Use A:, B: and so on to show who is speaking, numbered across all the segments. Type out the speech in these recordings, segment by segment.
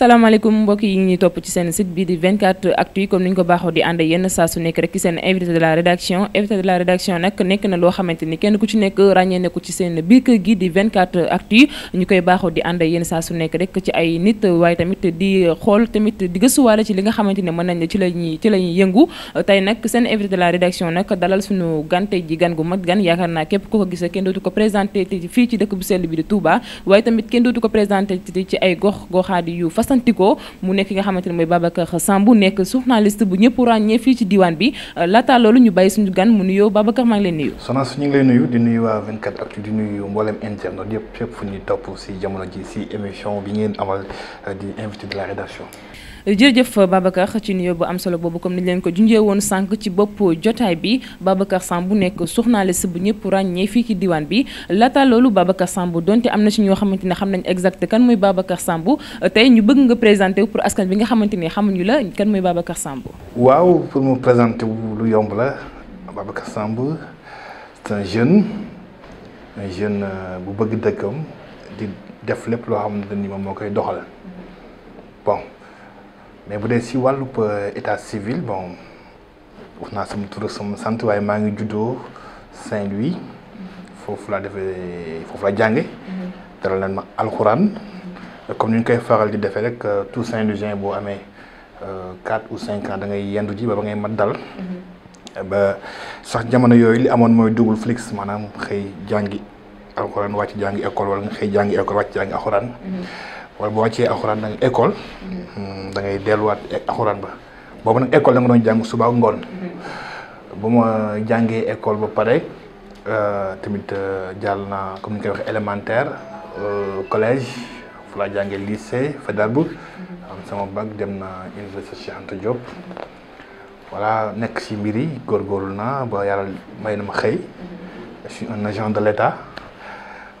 A: salaamaaleykum mbokk yi ngi topp ci seen site bi di 24 actu yi comme ni ñu ko baaxoo di ànd yenn saa su nekk rek ci seen invité de la rédaction invité de la rédaction nag nekk na loo xamante ni kenn ku ci nekk ràññee na ci seen biir kër gi di 24 actu yi ñu koy baaxoo di ànd yenn saa su nekk rek ci ay nit waaye tamit di xool tamit di gëstuwaale ci li nga xamante ne mën nañ ci la ñuy ci la ñuy yëngu tey nag seen invité de la rédaction nag dalal suñu gante ji gan gu mag gan yaakaar naa képp ku ko gis kenn dootu ko présenté fii ci dëkk bu sell bi di Touba waaye tamit kenn ko présenté ci ay gox goxaadi yu fasantikoo mu nekk ki nga xamante ne mooy Babacar Sambou nekk journaliste bu ñëpp ràññee fii ci diwaan bi euh, laataa loolu ñu bàyyi suñu gan mu nuyoo Babacar maa ngi leen nuyu
B: soxna su ñu ngi lay nuyu di nuyu waa 24 actu di nuyu mboolem internet yëpp fépp fu ñuy topp si jamono ji si émission bi ngeen amal euh, di invité de la rédaction
A: jërëjëf Babacar ci nuyoo bu am solo boobu comme ni leen ko junjee woon sànq ci bopp jotaay bi Babacar Samb bu nekk journaliste bu ñëpp ràññee fii ci diwaan bi laata loolu Babacar Samb donte am na ci ñoo xamante ne xam nañ exact kan muy Babacar Samb tey ñu bëgg nga présenté pour askan bi nga xamante ne xamuñu la kan mooy Babacar Samb.
B: waaw pour mu présenter wu lu yomb la Babacar Samb c'est jeune un jeune euh, bu bëgg dëkkam def lépp loo xamante ni moom moo koy doxal mais bu dee si wàllub euh, état civil bon wax naa sama tur sama sant waaye maa ngi juddoo Saint-Louis foofu laa defee foofu laa jànge dalal leen ma alxuraan comme ni ñu koy faral di defee rek euh, tout saint juin boo amee euh, quatre ou cinq ans da ngay yendu ji ba ba ngay mat dal ba sax jamono yooyu li amoon mooy double flux maanaam xëy jàngi alxuraan wàcc jàngi école wala nga xëy jàngi école wàcc jàngi alxuraan wala boo wàccee alxuraan hmm, da école. da delluwaat e-, alxuraan ba boobu nag école da nga doon jàng suba ak ngoon. ba ma jàngee école ba pare euh, tamit euh, jàll naa comme ni ñu koy élémentaire euh, collège fu laa jàngee lycée Faidherbe am sama bac dem na université Cheikh Anta Diop. nekk si mbir yi góorgóorlu naa ba yàlla may na ma xëy. je un agent de l'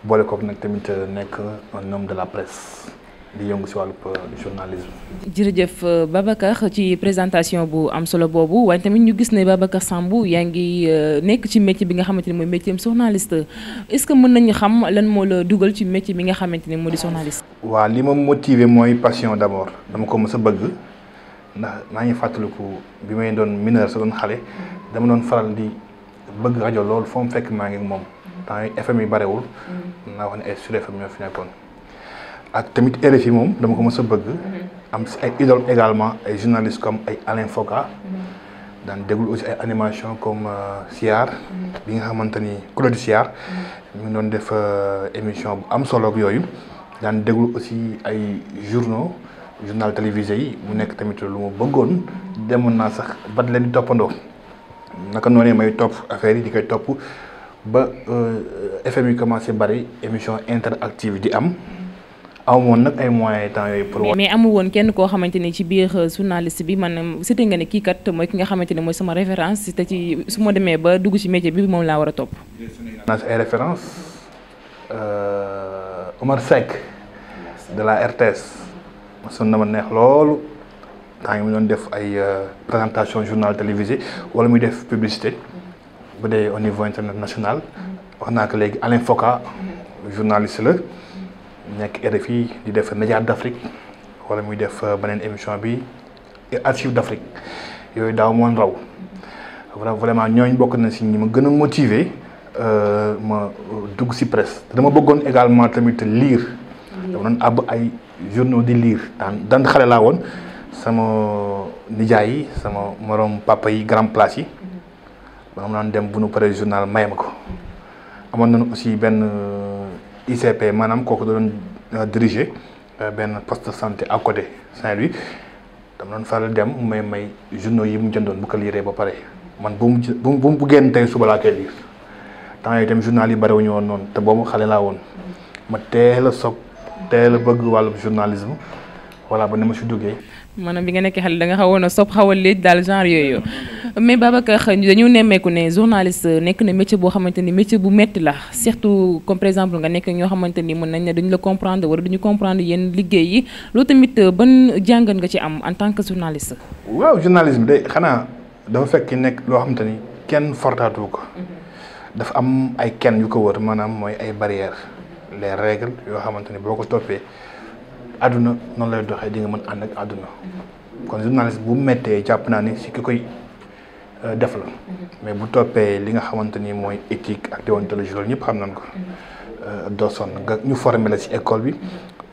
B: boole ko nag tamit nekk un homme de la presse. di yëngu si wàllu journalisme.
A: jërëjëf euh, Babacar ci présentation bu am solo boobu waaye tamit ñu gis ne Babacar Samb yaa ngi euh, nekk ci métier bi nga xamante ne mooy métier journaliste est-ce que mën nañu xam lan moo la dugal ci métier bi nga xamante ne moo di journaliste.
B: waa li ma motiver mooy passion d'abord dama ko mës a bëgg ndax maa ngi fàttaliku bi may doon mineur sa doon xale dama doon faral di bëgg rajo loolu foo mu fekk maa ngi moom temps FM yi barewul mm-hmm. naa ak tamit RFI moom dama ko mës a bëgg. am si ay idole également ay journalistes comme ay Alain Foka. daan déglu aussi ay animation comme euh, Siar. bi nga xamante ni Claude Siar. mu ngi doon def euh, émission bu am solo yooyu. daan déglu aussi ay journaux journal télévisé yi mu nekk tamit lu ma bëggoon demoon naa sax bat leen di toppandoo naka noonee may topp affaire yi di koy topp ba euh, FM yi commencé bari émission interactive di am. aw moon nag ay moyens temps yooyu pour. mais
A: amul woon kenn koo xamante ni ci biir euh, journaliste bi man na cité nga ne kii kat mooy ki nga xamante ne mooy sama référence te ci su ma demee ba dugg ci métier bi moom laa war a topp. ay référence
B: euh, Omar de la RTS mosoon na ma neex loolu temps yi mu doon def ay euh, présentation journal télévisé wala muy def publicité bu dee au niveau international wax naa ko léegi Alain Foka journaliste la. nekk RFI di def média d'Afrique wala muy def euh, beneen émission bi archive d'Afrique yooyu daaw moon raw vraiment ñooñ bokk na si ñi ma gën a motiver euh, ma dugg si presse te dama bëggoon également tamit liir dama doon àbb ay journaux di liir daan daan xale laa woon sama nijaay yi sama morom papa yi grand place yi
C: mm-hmm.
B: ba xam dem bu nu paree journal may ma ko mm-hmm. amoon nañu aussi benn ICP maanaam kooku da doon euh, diriger euh, benn poste de santé à côté Saint-Louis dama doon faral dem may may journaux yi mu jëndoon bu ko liiree ba pare man bu mu bu mu génn tey suba laa koy liir temps yooyu tamit journal yi bariwuñu woon noonu te boobu xale laa woon ma teel la soog teel la bëgg wàllum journalisme voilà ba ne ma si duggee.
A: maanaam bi nga nekkee xale da nga xawoon a sopp xaw a léegi daal genre yooyu mais Babacar dañu nemmeeku ne journaliste nekk na métier boo xamante ni métier bu métti la surtout comme par exemple nga nekk ñoo xamante ni mën nañ ne dañu la comprendre wala duñu comprendre yenn liggéey yi loolu tamit euh, ban jàngat nga ci am en tant que journaliste.
B: waaw journalisme day xanaa dafa fekk nekk loo xamante ni kenn fortaatu ko. Mhm. dafa am ay kenn yu ko wër maanaam mooy ay barrières les règles yoo xamante ni boo ko toppee. àdduna noonu lay doxee dinga nga mën ànd ak àdduna kon journaliste bu mettee jàpp naa ni si ki koy euh, def la mais bu toppee li nga xamante ni mooy éthique ak déontologie loolu ñëpp xam nañ ko euh, doo sonn nga ñu formé la si école bi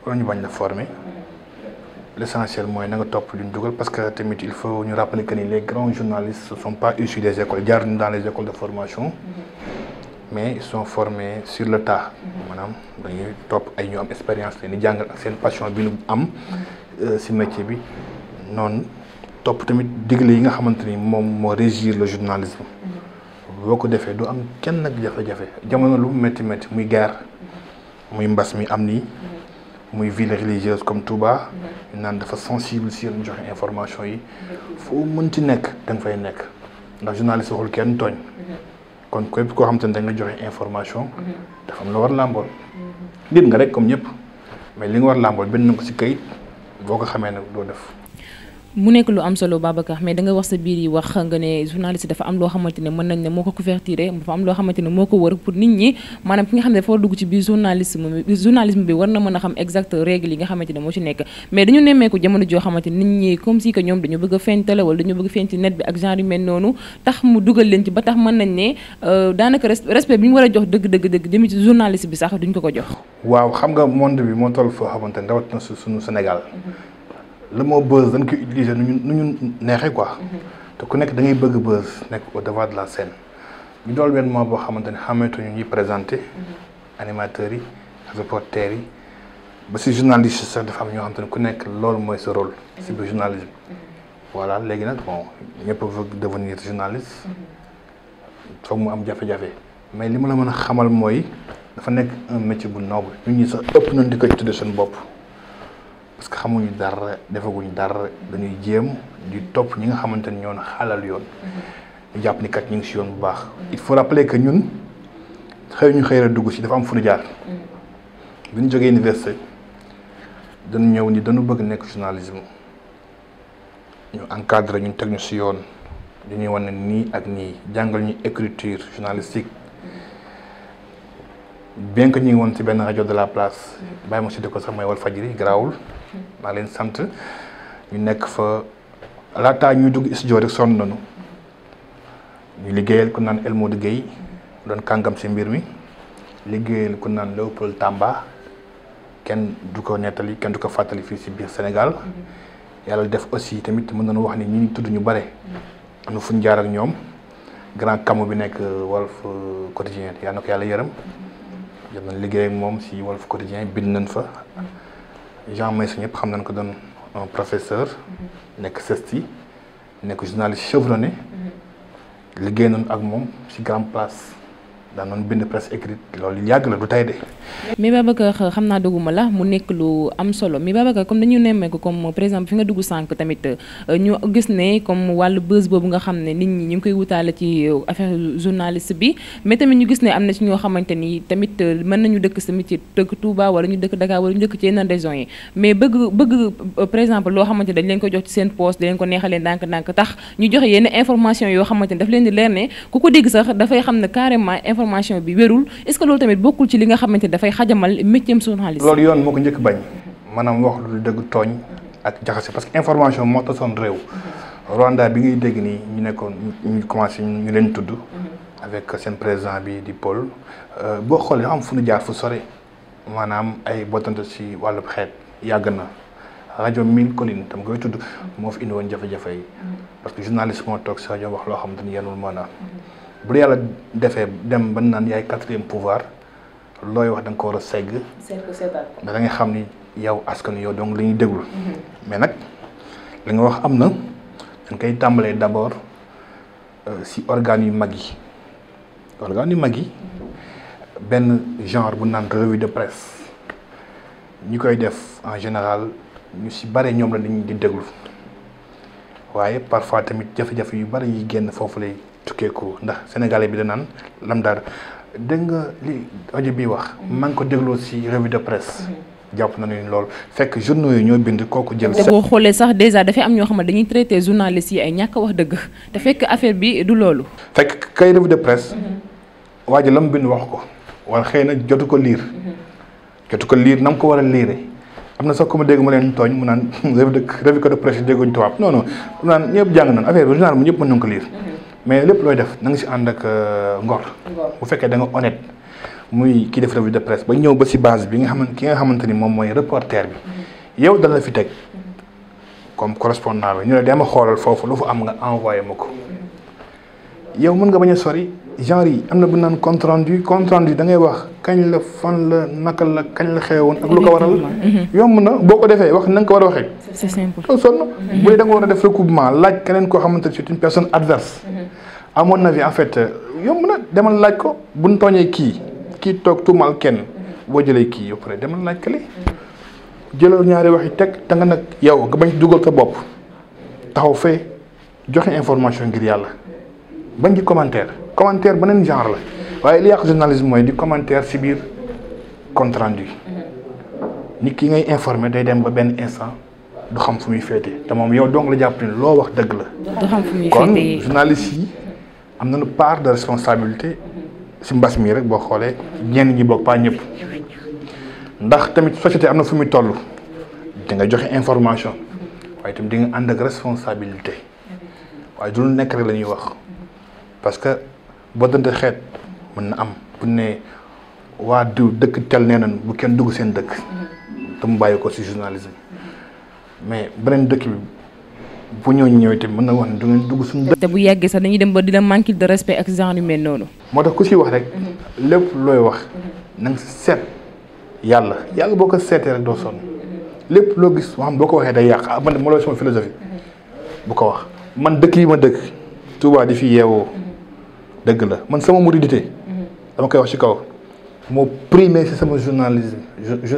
B: wala ñu bañ la formé l' essentiel mooy na topp lu ñu dugal parce que tamit il faut ñu rappeler que ni les grands journalistes ne sont pas issus des écoles jaar nañu dans les écoles de formation mais ils sont formés sur le temps maanaam dañuy topp ay ñu am expérience leen di jàngal ak seen passion bi ñu am euh, si métier bi noonu topp tamit digle yi nga xamante ni moom moo régir le journalisme. boo ko defee du am kenn nag jafe-jafe jamono lu mu métti métti muy guerre muy mbas mi am nii. muy ville religieuse comme Touba. naan dafa sensible si yéen joxe information yi. foo mënti nekk da fay nekk ndax journaliste waxul kenn tooñ. kon képp koo xam te ne da nga joxe information. Mm-hmm. dafa am la war làmbool. nit nga rek comme ñëpp mais li nga war làmbool bind na si kayit boo ko xamee ne doo def.
A: mu nekk lu am solo Babacar mais da nga wax sa biir yi wax nga ne journaliste dafa am loo xamante ne mën nañ ne moo ko couverture dafa moo ko wër pour nit ñi maanaam ki nga xam ne dafa war dugg ci biir journalisme bi journalisme bi war na mën a xam exact règle yi nga xamante ne moo ci nekk mais dañu nemmeeku jamono joo xamante nit ñi comme si que ñoom dañu bëgg a feeñtale wala dañu bëgg feeñ ci net bi ak genre mel noonu tax mu dugal leen ci ba tax mën nañ ne euh, daanaka respect bi war a jox dëgg dëgg dëgg jëmi ci journaliste bi sax duñ ko ko jox
B: waaw xam nga monde bi moo toll foo xamante ne rawatina lu moo buzz dañ koy utiliser nu ñu nu ñu neexee quoi. te ku nekk da bëgg buzz nekk au devant de la scène ñu dool benn moment boo xamante ne xamante ñu ñuy présenté. animateurs yi reporters yi ba si journaliste sax dafa am ñoo xamante ne ku nekk loolu mooy sa rôle. si biir journalisme. voilà léegi nag bon ñëpp veut devenir journaliste. foog mu am jafe-jafe. mais li ma la mën a xamal mooy dafa nekk un bu noble. ñu ñi sax ëpp nañ di ko tuddee seen bopp. parce que xamuñu dara defaguñu dara dañuy jéem di topp ñi nga xamante ni ñoon xalal yoon ñu
C: mm-hmm.
B: jàpp ni ñu ngi si yoon bu baax il faut rappeler que ñun xëy ñu xëy a dugg si dafa am fu ñu mm-hmm. bi ñu jógee université dañu ñëw ni dañu bëgg nekk journalisme ñu encadré ñu teg ñu si yoon di ñuy wane nii ak nii jàngal ñu écriture journalistique mm-hmm. bien que ñu ngi woon si benn rajo de la place bàyyi ma si ko sax mooy Walfadjri garaawul maa leen sant ñu nekk fa laataa ñuy dugg studio rek sonn nañu ñu liggéeyal ku naan El Modou Guèye doon kàngam si mbir mi liggéeyal ku naan Léopold Tamba kenn du ko nettali kenn du ko fàttali fii si biir Sénégal yàlla def aussi tamit mën nañu wax ni ñi ñu tudd ñu bare am na fu ñu jaar ak ñoom grand kamu bi nekk Walf Quotidien yàlla na ko yàlla yërëm jot nañ liggéey ak moom si Walf Quotidien bind nañ fa Jean Meissa ñëpp xam nañ ko doon un professeur. Mm-hmm. nekk CESTI nekk journaliste chevronné.
A: Mm-hmm.
B: liggéey nañ ak moom ci grand place daan nañ bind presse écrite loolu yàgg la du tey de.
A: mais Babacar xam naa dugguma la mu nekk lu am solo mais Babacar comme dañu nemmeeku comme par exemple fi nga dugg sànq tamit euh, ñu gis ne comme ñu ngi koy wutaale ci euh, affaire journaliste am na ci ñoo xamante ni tamit euh, mën nañu dëkk tamit ci dëkk Touba wala ñu dëkk Dakar wala ñu dëkk ci yeneen régions yi mais bëgg bëgg par exemple loo xamante dañ leen ko jox ci seen poste leen ko neexalee ndànk-ndànk tax ñu joxe yenn information yoo xamante ni daf leen di leer ne ku ko dégg sax dafay xam ne carrément information bi wérul dafay xajamal métier journaliste. loolu yoon
B: moo ko njëkk bañ maanaam wax lu dëgg tooñ ak jaxase parce que information moo tasoon réew Rwanda bi ngay dégg nii ñu nekkoon ñu commencé ñu leen tudd. avec seen président bi di Paul euh, boo xoolee am fu ñu jaar fu sore maanaam ay bottante si wàllu xeet yàgg na rajo Mille Collines tam koy tudd moo indi woon jafe yi parce wax loo xam te ni yenul maanaam bu la yàlla defee dem ba naan yaay quatrième pouvoir. looy wax danga nga ko war a segg. da nga xam ni yow askan yow donc la ñuy déglu. Mm-hmm. mais nag li nga wax am na dañ koy tàmbalee d'abord euh, si organes yu mag yi organes mag yi mm-hmm. benn genre bu naan revue de presse ñu koy def en général ñu si bare ñoom la dañuy di déglu waaye parfois tamit jafe-jafe yu bari yi génn foofu lay tukkeeku ndax sénégalais bi da naan lam daal. dégg nga li audio bi wax mhm. man ko dégloo ci revue de presse mhm. jàpp nañu lool fekk journaux yi ñoo bind kooku jël te boo
A: xoolee sax déjà dafay am ñoo xam ne dañuy traité journalistes yi ay ñàkk wax dëgg te fekk affaire bi du loolu
B: fekk kay revue de presse mhm. waa la mu bind wax ko wala xëy na jotu ko liir jotu ko liir na mu ko war a liire am na sax ku ma dégg ma leen tooñ mu naan revue de revue de presse yi dégguñ tubaab non non mu naan ñëpp jàng nañ affaire mais lépp looy def na nga si ànd ak euh, ngor. bu fekkee danga nga muy kii def revue de presse ba ñëw ba si base bi nga xamante ki nga xamante ni moom mooy reporter bi. Mm-hmm. yow dana la fi teg mm-hmm. comme correspondant bi ñu ne dama xoolal foofu lu fa am nga envoyé ma ko. Mm-hmm. yow mën nga bañ a sori genre yi am na bu naan compte rendu compte rendu dangay wax kañ la fan la naka la kañ la xewoon ak lu ko waral yomb na boo ko defee wax na nga ko war a waxee c'est simple sonn mhm. bu dee da nga war a def koo xamante ne c'est une personne adverse mhm. à mon avis en fait yomb na demal laaj ko buñ tooñee kii kii toog tuumal kenn mhm. boo jëlee kii yëpp pare demal laaj kële jëlal ñaari waxi teg te nga nag yow nga bañ dugal sa bopp taxaw fee joxe information ngir yàlla bañ di commentaire commentaire beneen genre la waaye li yàq journalisme mooy di commentaire si biir compte rendu
C: mm-hmm.
B: nit ki ngay informé day dem ba benn instant du xam fu muy féete te moom yow donc la jàpp loo wax dëgg la.
C: kon journaliste
B: yi am na nañu part de responsabilité si mbas mii rek boo xoolee ñenn ñi bokk pas ñëpp ndax tamit société am na fu muy toll di joxe information mm-hmm. waaye tamit di ànd ak responsabilité mm-hmm. waaye du lu nekk rek la wax. parce que boo boddante xeet mën na am buñ ne waa diw dëkk tel nee nañ bu kenn dugg seen dëkk te mu bàyyi ko ci journalisme mais beneen dëkk bi bu ñoo ñëwee te mën na wax ne du dugg suñu dëkk.
A: te bu yàggee sax dañuy dem ba dina manque de respect ak genre yu mel noonu.
B: moo tax ku ci wax rek mhm. lépp looy wax na nga seet yàlla yàlla boo ko seetee rek doo sonn lépp loo gis ma xam boo ko waxee day yàq ah man de ma looy sama philosophie
C: mhm.
B: bu ko wax man dëkk yi ma dëkk di fi yeewoo. dëgg la man sama muridité mhm. dama koy wax ci kaw moo primé ci sama journalisme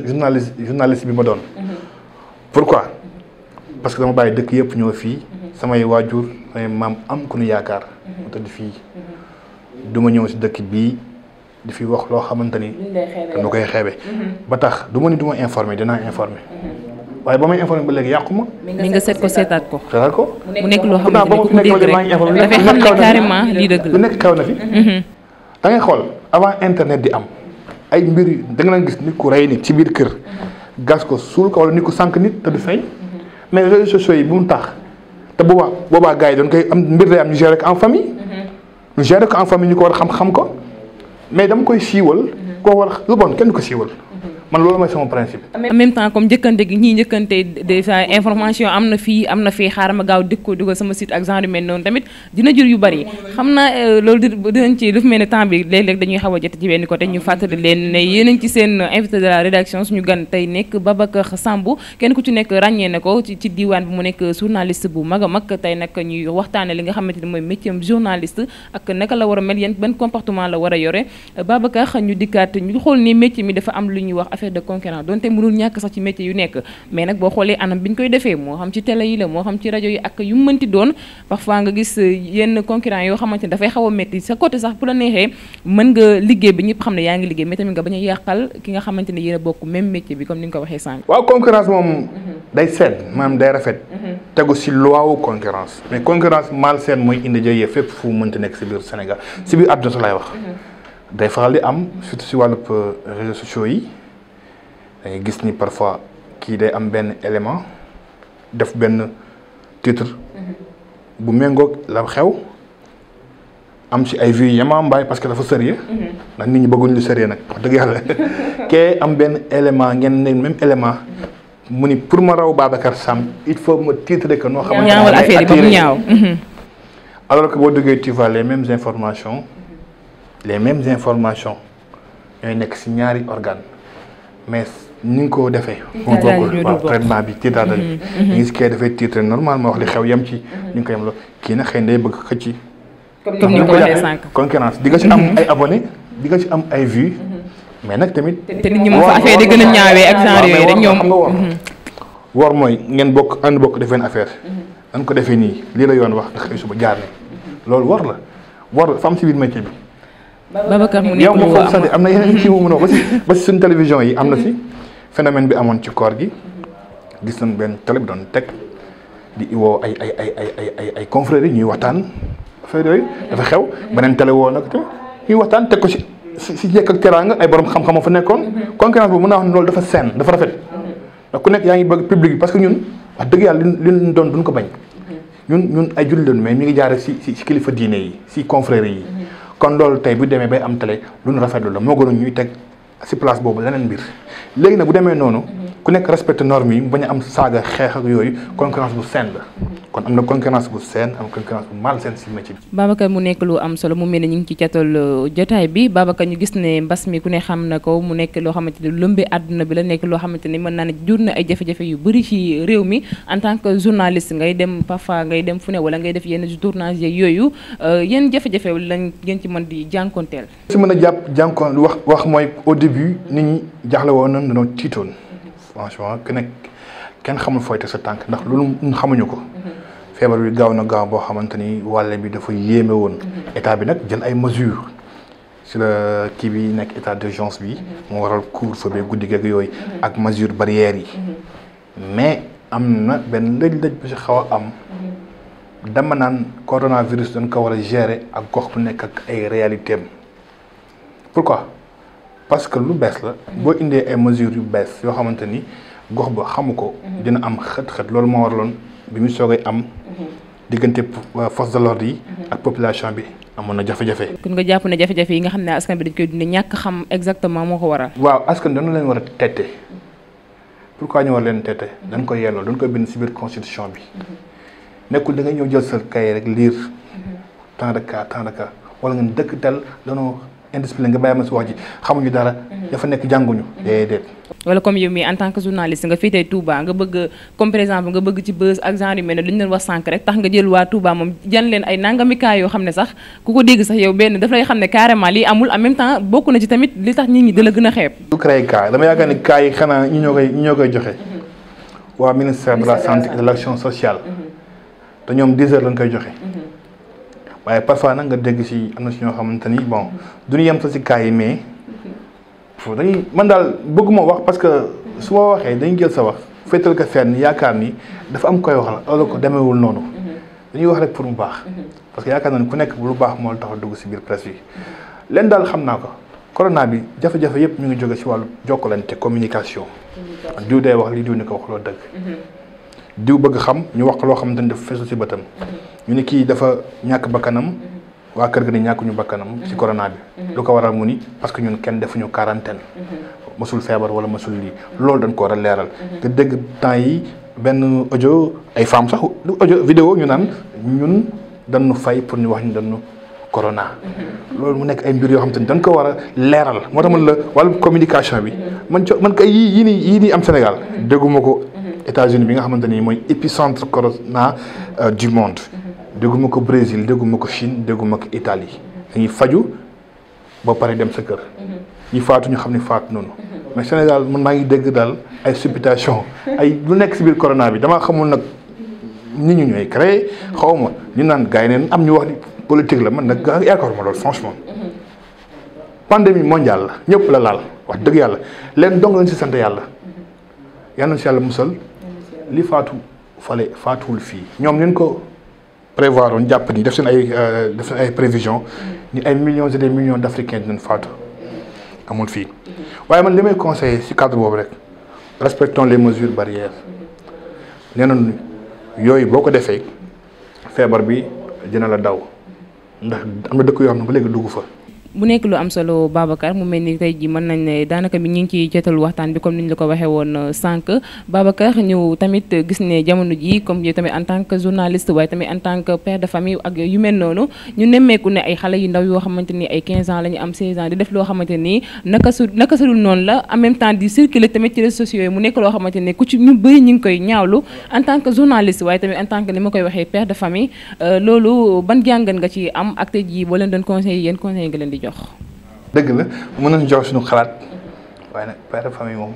B: journaliste journaliste bi ma doon mhm. pourquoi mhm. parce que dama bàyyi dëkk yëpp ñoo fii samay waajur samay maam am ku ñu yaakaar mu tëdd fii du ma ñëw ci dëkk bii di fi wax loo xamante ni dama koy xeebe ba tax du ni du ma dinaa informé waaye ba may informé ba léegi yàqu ma. mi nga seet ko seetaat ko. seetaat ko
A: mu nekk loo xam ne ku ko dégg rek dafay xam ne carrément lii dëgg la
B: lu nekk kaw na fi. Mhm. da ngay xool avant internet di am ay mbir yu da nga daan gis nit ku rey nit ci biir kër. Mhm. gas ko suul ko wala nit ku sànq nit te du feeñ. Mhm. mais réseaux sociaux yi bu mu tax te boobaa boobaa gars yi doon koy mbir day am ñu gérer ko en famille. ñu gérer ko en famille ñu ko war a xam-xam ko mais dama koy siiwal. koo war lu bon kenn ko siiwal. man loolu mooy sama principe.
A: en même temps comme njëkkante gi ñii njëkkante déjà information am na fii am na fii xaaral ma gaaw dëkk ko dugal sama site ak genre yu mel noonu tamit dina jur yu bari xam naa euh, loolu dinañ ci ne temps ci seen invité de la rédaction suñu gan tey nekk Babacar Sambou kenn ku ci nekk ràññee na ko ci diiwaan bi mu nekk journaliste bu mag a mag tey nag ñuy waxtaane li nga xamante ni mooy métier journaliste ak naka la war a mel yan ban comportement la war a yore Babacar ñu dikkaat lu ñuy wax affaire de concurrence donte mënul ñàkk sax ci métier yu nekk mais nag boo xoolee anam bi ñu koy defee moo xam ci télé yi la moo xam ci rajo ak yu mënti doon parfois nga gis euh, yenn concurrent yoo xamante dafay xaw a métti sa côté sax bu la neexee mën nga liggéey bi ñëpp xam ne yaa ngi liggéey mais tamit nga bañ a yàqal ki nga xamante ne a bokk même métier bi comme ni nga waxee sànq
B: waaw concurrence moom mm-hmm. day seet maanaam day rafet mm-hmm. tegu si loi wu concurrence da gis ni parfois kii day am benn élément def benn titre
C: mhm.
B: bu méngoog la xew am ci ay vues yamambaay parce que dafa sérieux mhm. ndax nit ñi bëgguñ lu sérieux nag wax dëgg yàlla kee am benn élément ngeen ne même élément mhm. mu ni pour ma raw Babacar Sam il faut ma titre que noo xamante ne ba mu ñaaw alors que boo duggee tu vois les mêmes informations les mêmes informations ñooy nekk ci ñaari organes mais ni nga ko defee moo bokkul waaw traitement bi tiitaata bi ñu ngi si kay defee titre normalement wax li xew yem ci ñu ngi ko yem la kii na xëy na day bëgg xëcc
C: comme ni ko waxee sànq
B: concurrence di nga si am mm-hmm. ay abonné di nga si am ay vues mm-hmm. mais nag tamit te nit ñi moom fa affaire a ñaawee ak mm-hmm. mooy ngeen bokk ànd bokk defeen affaire dañ ko defe nii lii la yoon wax nga xëy suba jaar ne loolu war la wor am si biir métier bi
A: Babacar mu nekk yow moom sax am na yeneen ci mu
B: mën a ba si ba si télévision yi am na si phénomène bi amoon ci koor gi gis nañ benn télé bi doon teg di woo ay ay ay ay ay ay confrères yi ñuy waxtaan affaire yooyu dafa xew beneen télé woo nag te ñuy waxtaan teg ko si si njëkk ak teraanga ay borom xam-xamoo fa nekkoon concurrence boobu mën naa wax ne loolu dafa seen dafa rafet ndax ku nekk yaa ngi bëgg public parce que ñun wax dëgg yàlla li ñu doon duñ ko bañ ñun ñun ay jullit lañu mais ñu ngi jaare si si kilifa diine yi si confrères yi kon loolu tey bu demee bay am télé lu ñu rafetlu la moo gënoon ñuy teg. si place boobu leneen mbir léegi nag bu demee noonu ku nekk respecte norme yi bañ a am saaga xeex ak yooyu concurrence bu saine la kon am na concurrence bu seen am concurrence bu mal seen si métier bi.
A: Babacar mu nekk lu am solo mu mel ne ñu ngi ci catal euh, jotaay bi Babacar ñu gis ne mbas mi ku ne xam na ko mu nekk loo xamante ne lëmbee àdduna bi la nekk loo xamante ne mën naa ne jur na ay jafe-jafe yu bëri ci réew mi en tant que journaliste ngay dem parfois ngay dem fu ne wala ngay def yenn tournage yooyu euh, yenn jafe-jafe lañ ngeen ci man di jànkonteel.
B: si mën a jàpp jànkoon wax wax mooy au début nit ñi jaaxle woon nañ dañoo tiitoon franchement ku nekk. kenn xamul fooy sa tànk ndax loolu xamuñu ko. Mhm. feebar bi gaaw na gaaw boo xamante ni wàlle bi dafa yéeme woon. Mhm. état bi nag jël ay mesures. si la kii bi nekk état d'urgence bi. moo mhm. waral couvre-feu bi guddi geeg yooyu. ak mesures barrières yi. mais am na benn lëj-lëj bu si xaw a am. dama naan coronavirus dañ war a gérer ak gox bu nekk ak ay réalité am pourquoi parce que lu bees la. boo indee ay mesures yu bees yoo xamante ni. gox ba xamu ko. dina am xët-xët loolu moo waraloon bi mu soogay am. diggante force de l'ordre yi. ak population bi amoon na jafe-jafe.
A: kon nga jàpp ne jafe-jafe yi nga xam ne askan bi dañ koy dund ñàkk xam exactement moo ko waral.
B: waaw askan dañu leen war a tette pourquoi ñu war leen tette dañ koy yelloo dañ koy bind ci constitution bi nekkul da ñëw jël sa kay rek lire mhm. tant de cas tant de cas wala nga dëkk dal danoo. indiscipline nga bàyyi ma si wax ji xamuñu dara. Mhm. dafa nekk jànguñu. Mhm. déedéet.
A: wala comme yow mii en tant que journaliste nga féetee Touba nga bëgg comme par exemple nga bëgg ci buzz ak genre yu mel ne wax sànq rek tax nga jël waa Touba moom jan leen ay nangami cas yoo xam ne sax ku ko dégg sax yow benn daf lay xam ne carrément lii amul en même temps bokk na ci tamit li tax nit ñi da gën a xeeb.
B: du créé cas dama yaakaar ne cas yi xanaa ñi ñoo koy ñoo koy joxe. Mhm. waa ministère la santé et de l'action sociale. ñoom 10 heures koy joxe. waaye parfois nag nga dégg si am na si ñoo xamante ni bon du ñu yem sax si kaa yi mais foofu dañuy man daal bëgguma wax parce que su ma waxee dañuy jël sa wax féetal ko fenn yaakaar ni dafa am koy wax la loolu ko demeewul noonu dañuy wax rek pour mu baax parce que yaakaar na ne ku nekk lu baax moo la tax dugg si biir presse yi leen daal xam naa ko corona bi jafe-jafe yëpp ñu ngi jóge si wàllu jokkalante communication diw day wax lii diw ni ko wax loolu dëgg mhm. diw bëgg xam ñu wax loo xamante ni dafa feesul si bëtam ñu ni kii dafa ñàkk bakkanam waa kër ga ni ñàkk ñu bakkanam ci corona bi lu ko waral mu ni parce que ñun kenn defuñu quarantaine mësul feebar wala mësul lii loolu dañ ko war a leeral te dégg temps yi benn audio ay femmes sax lu audio vidéo ñu naan ñun dañu fay pour ñu wax ñu dañu corona loolu mu nekk ay mbir yoo xam te ni ko war a leeral moo tax man la wàllu communication bi man co man kay yii yii nii yii ko États-Unis bi nga xamante ni mooy épicentre corona euh, du monde dégguma ko Brésil dégguma ko Chine dégguma ko Italie dañuy faju ba pare dem sa kër mhm. ñu faatu ñu xam ne faatu noonu mais Sénégal man maa ngi dégg daal ay supputation ay lu nekk si biir corona bi damaa xamul nag nit ñu ñooy créé xaw ma ñu naan gars yi neen am ñu wax ni la man nag yaakaar ma loolu franchement mhm. pandémie mondiale la ñëpp la laal wax dëgg yàlla leen dong lañ si sant yàlla mhm. li faatu fale faatuwul fii ñoom ñu ko prévoir woon jàpp ni def seen ay euh, def seen ay prévision ni ay millions et des millions d' africains dinañ faatu amul fii waaye man li may conseillé ci cadre boobu rek respectons les mesures barrières nee nañu yooyu boo ko defee feebar bi dina la daw ndax am na dëkk yoo xam ne ba léegi dugg fa.
A: mu nekk lu am solo Babacar mu mel ni tey ji mën nañ ne daanaka mi ñu ngi ciy jotal waxtaan bi comme ni ñu la ko waxee woon euh, sànq Babacar ñëw tamit gis ne jamono ji comme yow tamit en tant que journaliste waaye en tant que père de famille ak yu mel noonu ñu yoo xamante ni ay 15 ans la ñu am 16 ans di def loo xamante ni naka su naka su dul noonu temps di circuler tamit ci réseaux sociaux yi mu nekk loo xamante ni ku ci ñu bëri ñu ngi koy ma koy waxee père de famille euh, loolu ban jàngan nga ci am ak tey ji boo leen doon conseil yéen conseil nga leen di ciy jox.
B: dëgg la mën nañu jox suñu xalaat waaye nag père de famille moom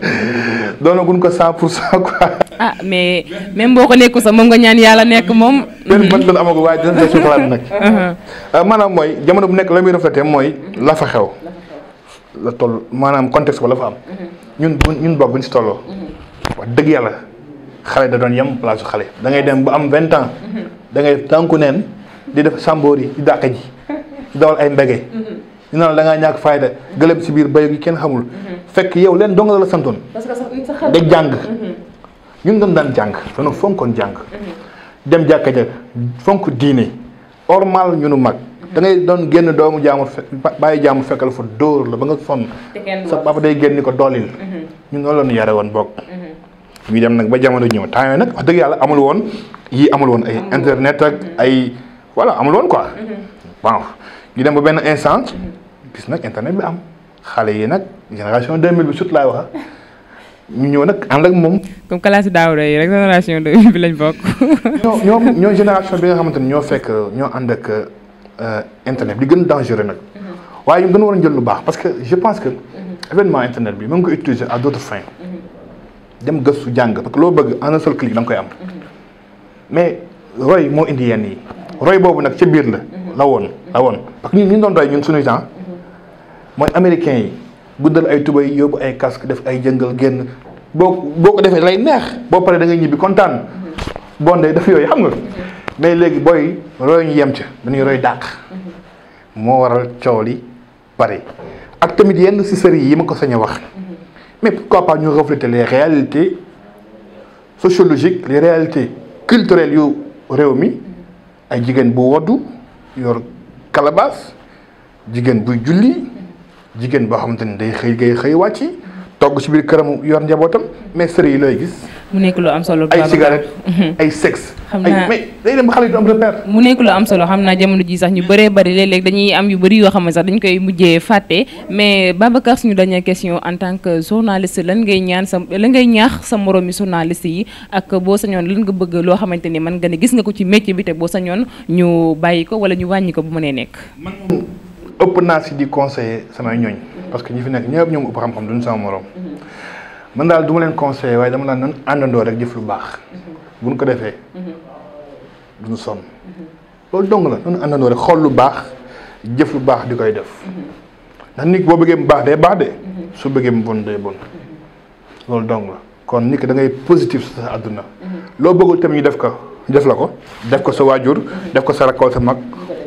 B: doonaguñ ko 100 pour cent quoi.
A: ah mais même boo ko nekkul sax moom nga ñaan yàlla nekk moom. benn bët la amagu waaye uh-huh.
B: euh, mooy jamono bu nekk la muy reflété mooy la fa xew. la toll maanaam contexte ba la fa am.
A: Uh-huh.
B: ñun bu ñun boog si tolloo.
C: Uh-huh.
B: wax dëgg yàlla xale da doon yem place su xale. da ngay dem ba am vingt ans. da tànku neen di def sàmboor di dàq ji. di dawal ay mbege. Mhm. ñu naan da ngaa ñàkk fayda gëlëm si biir ba gi kenn xamul. Mhm. fekk yow leen dong la la santoon.
A: parce que da jàng. Mhm.
B: ñun dañ daan jàng dañoo fonkoon jàng. dem jàkka ja fonk diine normal ñu nu mag. dangay doon génn doomu jaamu fe bàyyi jaamu fekkal fa dóor la ba nga sonn. sa papa day génn ko doolil. ñun noonu la yare woon boog. ñu dem nag ba jamono ñëw temps nag wax dëgg yàlla amul woon yii amul woon ay internet ak ay voilà amul woon quoi. ñu dem ba benn instant gis nag internet bi am xale yi nag génération 2000 bi surtout laay waxa ah. ñu ñëw nag ànd ak moom.
A: comme classe daa yi rek génération 2000 lañ bokk. ñoo
B: ñoo ñoo génération bi xamante ni ñoo fekk ñoo ànd ak euh, internet bi gën dangereux nag mhm. waaye ñu gën a war a jël lu parce que je pense que mhm. événement internet bi mën nga ko utiliser à d'autres mhm. dem gëstu jàng parce loo bëgg en un seul clic da koy am mais roy moo indi yenn yi roy boobu nag ci biir la la woon. la woon parce que ñun li ñu doon doy ñun suñu temps mooy américain yi guddal ay tubay yóbbu ay casque def ay jëngal génn boo boo ko defee lay neex boo paree da ngay ñibbi kontaan bonde def yooyu xam nga mais léegi booy roy ñu yem ca dañuy roy dàq moo waral coow li bari ak tamit yenn ci série yi ma ko sañ a wax mais pourquoi pas ñu refléter les réalités sociologiques les réalités culturelles yu réew mi ay jigéen bu woddu yor calebasse jigéen buy julli jigéen boo xamante ni day xëy ngay xëy wàcc togg ci biir këramu yor njabootam mais sëriñ yi looy gis.
A: mu nekk lu am solo. ay cigarette
B: ay sexe. xam naa
A: mais day dem xale du mu nekk lu am solo xam naa jamono ji sax ñu bëree bari léeg-léeg dañuy am yu bëri yoo xam ne sax dañ koy mujjee fàtte mais Babacar suñu dernière question en tant que journaliste lan ngay ñaan sa lan ngay ñaax sa moroom yi journaliste yi ak boo sañoon lan nga bëgg loo xamante ni man nga ne gis nga ko ci métier bi te boo sañoon ñu bàyyi ko wala ñu wàññi ko bu mënee nekk. man
B: ëpp naa si di conseiller ñooñ parce que ñi fi nekk ñëpp ñoom ëpp xam-xam duñ sama morom. Mhm. man daal du leen conseillé waaye dama naan nan àndandoo rek jëf lu baax. Mhm. buñ ko defee. Mhm. duñ sonn. loolu dong la lu baax jëf lu baax di koy def. ndax boo bëggee mu su bëggee mu bon day loolu dong la kon nit ki da positif sa àdduna. loo bëggul tamit ñu def ko def la ko. def ko sa waajur. def ko sa rakk sa mag.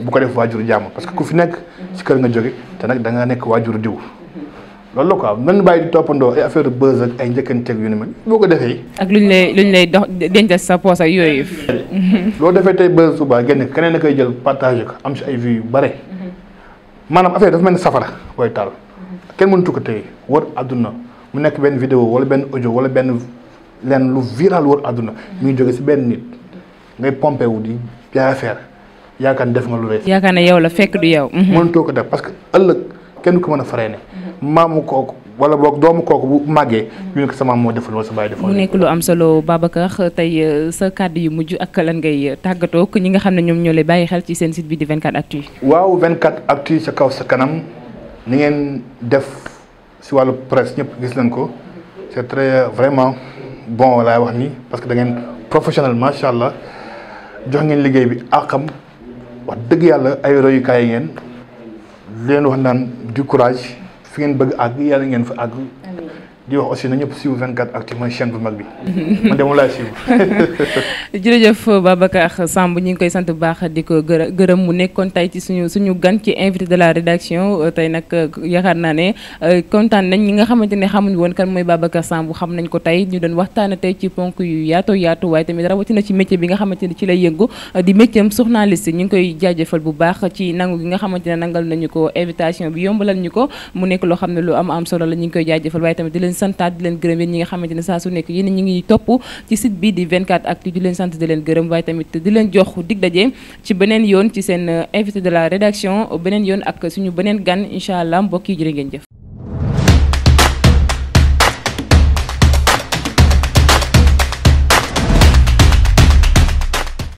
B: bu ko def waajur jàmm parce que ku fi nekk. ci kër nga jóge
A: te nag da nga nekk waajur diw
B: loolu la quoi nan bàyyi di toppandoo ay affaire buzz ak ay njëkkanteeg yu ni mel
A: boo ko defee. ak luñ lay luñ lay dox denc sa poos ak yooyu.
B: loo defee tey buzz suba génn keneen a koy jël partagé ko am si ay vues yu bare. maanaam affaire dafa mel ni safara booy taal. kenn mënatu ko tey wër àdduna mu nekk benn vidéo wala benn audio wala benn lenn lu viral wër àdduna. mu jóge si benn nit ngay pompé di jaay affaire. yaakaar ne def nga lu rëy.
A: yaakaar ne yow la fekk du yow. Mhm. mënutoo ko def
B: parce que ëllëg kenn ku mën a freiné. Mhm. maamu kooku wala boo doomu kooku bu màggee. ñu ne ko sa maam moo deful wala sa baay deful.
A: mu nekk lu am solo Babacar tey euh, sa kadd yu mujj ak lan ngay euh, tàggatoo ak ñi nga xam ne ñoom ñoo lay bàyyi xel ci seen site bi di 24 actu.
B: waaw 24 actu sa kaw sa kanam ni ngeen def si wàllu presse ñëpp gis nañ ko c' très euh, vraiment bon laay wax ni parce que da ngeen professionnel macha allah jox ngeen liggéey bi àqam. wax dëgg yàlla ay royukaay ngeen leen wax naan du courage fi ngeen bëgg àgg yàlla ngeen fa àgg di wax aussi na ñëpp siiw 24 actu mooy chaîne bu mag bi. man de moom laay siiw.
A: jërëjëf Babacar Samb ñu ngi koy sant bu baax di ko gërë gërëm mu nekkoon tey ci suñu suñu gan ci invité de la rédaction euh, tey nag euh, yaakaar naa ne euh, kontaan nañ ñi nga xamante ne xamuñu woon kan mooy Babacar Samb xam nañ ko tey ñu doon waxtaan tey ci ponk yu yaatu yaatu waaye tamit rawatina ci métier bi nga xamante ne ci lay yëngu di métier am journaliste ñu ngi koy jaajëfal bu baax ci nangu gi nga xamante ne nangal nañu ko invitation bi yombalal ñu ko mu nekk loo xam ne lu am am solo la ñu ngi koy jaajëfal waaye tamit di leen santaat di leen gërëm yéen ñi nga xamante ne saa su nekk yéen ñi ngi topp ci site bi di 24 actu di leen sant di leen gërëm waaye tamit di leen jox dig daje ci beneen yoon ci seen invité de la rédaction beneen yoon ak suñu beneen gan incha allah mbokki yi jërë ngeen jëf